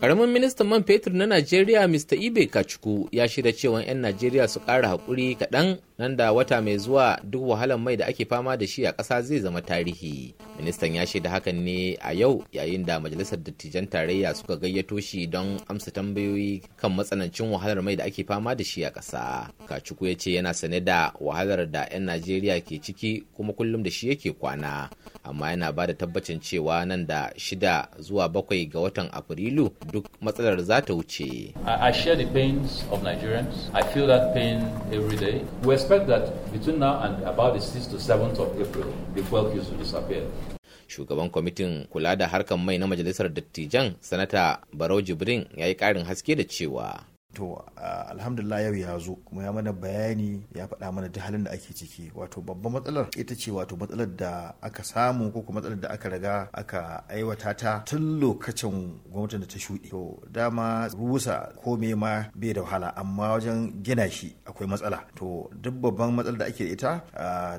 Karamin ministan man fetur na Najeriya Mr. Ibe Kachuku ya shirya cewa 'yan Najeriya su ƙara haƙuri kaɗan nan da wata mai zuwa duk wahalar mai da ake fama da shi a ƙasa zai zama tarihi ministan ya shaida hakan ne a yau yayin da majalisar dattijan tarayya suka gayyato shi don amsa tambayoyi kan matsanancin wahalar mai da ake fama da shi a ƙasa kacuku ya ce yana sane da wahalar da 'yan najeriya ke ciki kuma kullum da shi yake kwana amma yana ba da tabbacin cewa nan da shida zuwa bakwai ga watan afrilu duk matsalar za ta wuce I, share the pains of Nigerians. I feel that pain every expect that between now and about the 6th to 7th of April, the fuel queues will disappear. Shugaban kwamitin kula da harkar mai na majalisar dattijan, Sanata Barau Jibrin ya yi ƙarin haske da cewa to alhamdulillah yau ya zo kuma ya mana bayani ya faɗa mana duk halin da ake ciki wato babban matsalar ita ce wato matsalar da aka samu ko kuma matsalar da aka riga aka aiwata ta tun lokacin gwamnatin da ta shuɗe to dama rusa ko me ma bai da wahala amma wajen gina shi akwai matsala to duk babban matsalar da ake da ita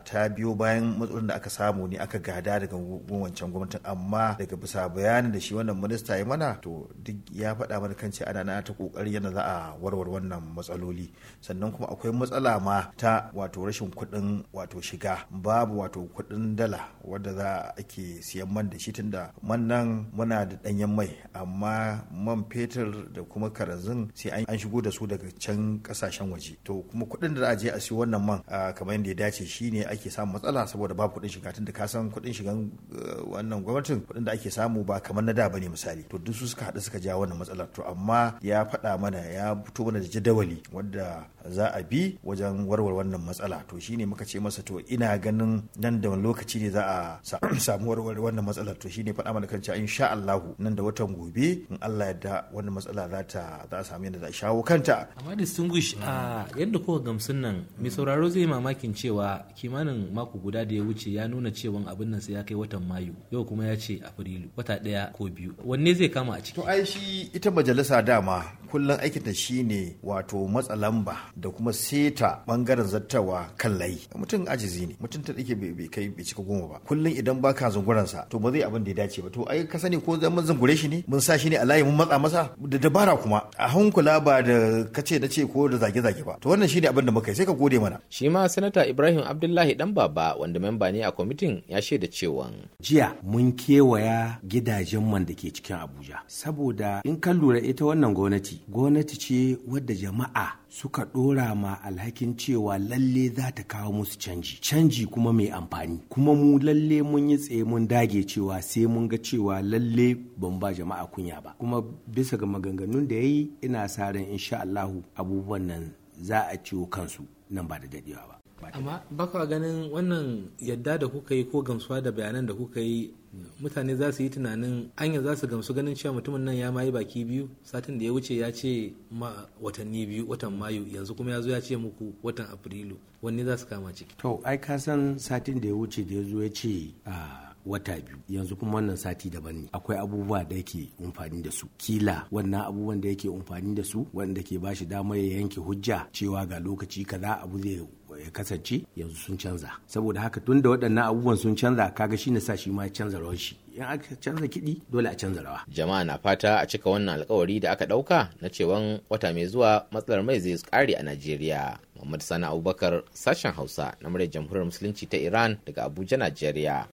ta biyo bayan matsalar da aka samu ne aka gada daga wancan gwamnatin amma daga bisa bayanin da shi wannan minista ya mana to duk ya faɗa mana kan ce ana na ta kokari yana za a warware wannan matsaloli sannan kuma akwai matsala ma ta wato rashin kuɗin wato shiga babu wato kuɗin dala wadda za ake siyan man da shi tunda man nan muna da ɗanyen mai amma man fetur da kuma karazin sai an shigo da su daga can kasashen waje to kuma kuɗin da za a je a siyo wannan man kamar yadda ya dace shi ne ake samun matsala saboda babu kuɗin shiga tunda ka san kuɗin shigan eh, wannan gwamnatin kuɗin da ake samu ba kamar na da bane misali to duk su suka haɗu suka ja wannan matsalar to amma ya faɗa mana ya ya fito mana da jadawali wadda za a bi wajen warware wannan matsala to shine muka ce masa to ina ganin nan da wani lokaci ne za a samu warware wannan matsala to shine faɗa mana kan cewa insha Allah nan da watan gobe in Allah ya da wannan matsala za ta za a samu yadda za a shawo kanta amma distinguish a yadda kuka gamsun nan mai sauraro zai mamakin cewa kimanin mako guda da ya wuce ya nuna cewa abin nan sai ya kai watan mayu yau kuma ya ce afrilu wata daya ko biyu wanne zai kama a ciki to ai shi ita majalisa dama kullum aikinta ne wato matsa lamba da kuma seta bangaren zattawa kan layi mutum ajizi ne mutum ta dake bai kai bai cika goma ba kullum idan baka zunguran sa to ba zai abin da ya dace ba to ai ka sani ko zaman zungure shi ne mun sa shi ne a layi mun matsa masa da dabara kuma a hankula ba da kace na ce ko da zage zage ba to wannan shine abin da muka sai ka gode mana shi ma sanata Ibrahim Abdullahi dan baba wanda memba ne a kwamitin ya shaida cewa jiya mun kewaya gidajen man da ke cikin Abuja saboda in ka lura ita wannan gwamnati gwamnati ce wadda jama'a suka dora ma alhakin cewa lalle za ta kawo musu canji canji kuma mai amfani kuma mu lalle mun yi tsaye mun dage cewa sai mun ga cewa lalle ban ba jama'a kunya ba kuma bisa ga maganganun da ya yi ina sa ran insha Allahu abubuwan nan za a ciwo kansu nan ba da dadewa ba amma baka ganin wannan yadda da kuka yi ko gamsuwa da bayanan da kuka yi mutane za su yi tunanin anya za su gamsu ganin cewa mutumin nan ya mayi baki biyu satin da ya wuce ya ce ma watanni biyu watan mayu yanzu kuma ya zo ya ce muku watan afrilu wanne za su kama ciki to ai ka san satin da ya wuce da ya zo ya ce wata biyu yanzu kuma wannan sati daban ne akwai abubuwa da yake amfani da su kila wannan abubuwan da yake amfani da su wanda ke bashi dama ya yanke hujja cewa ga lokaci kaza abu zai ya kasance yanzu sun canza saboda haka tun da waɗannan abubuwan sun canza kaga shi na sa shi ma canza rawar shi in aka canza kiɗi dole a canza rawa jama'a na fata a cika wannan alkawari da aka ɗauka na cewan wata mai zuwa matsalar mai zai ƙare a najeriya muhammad sani abubakar sashen hausa na muryar jamhuriyar musulunci ta iran daga abuja najeriya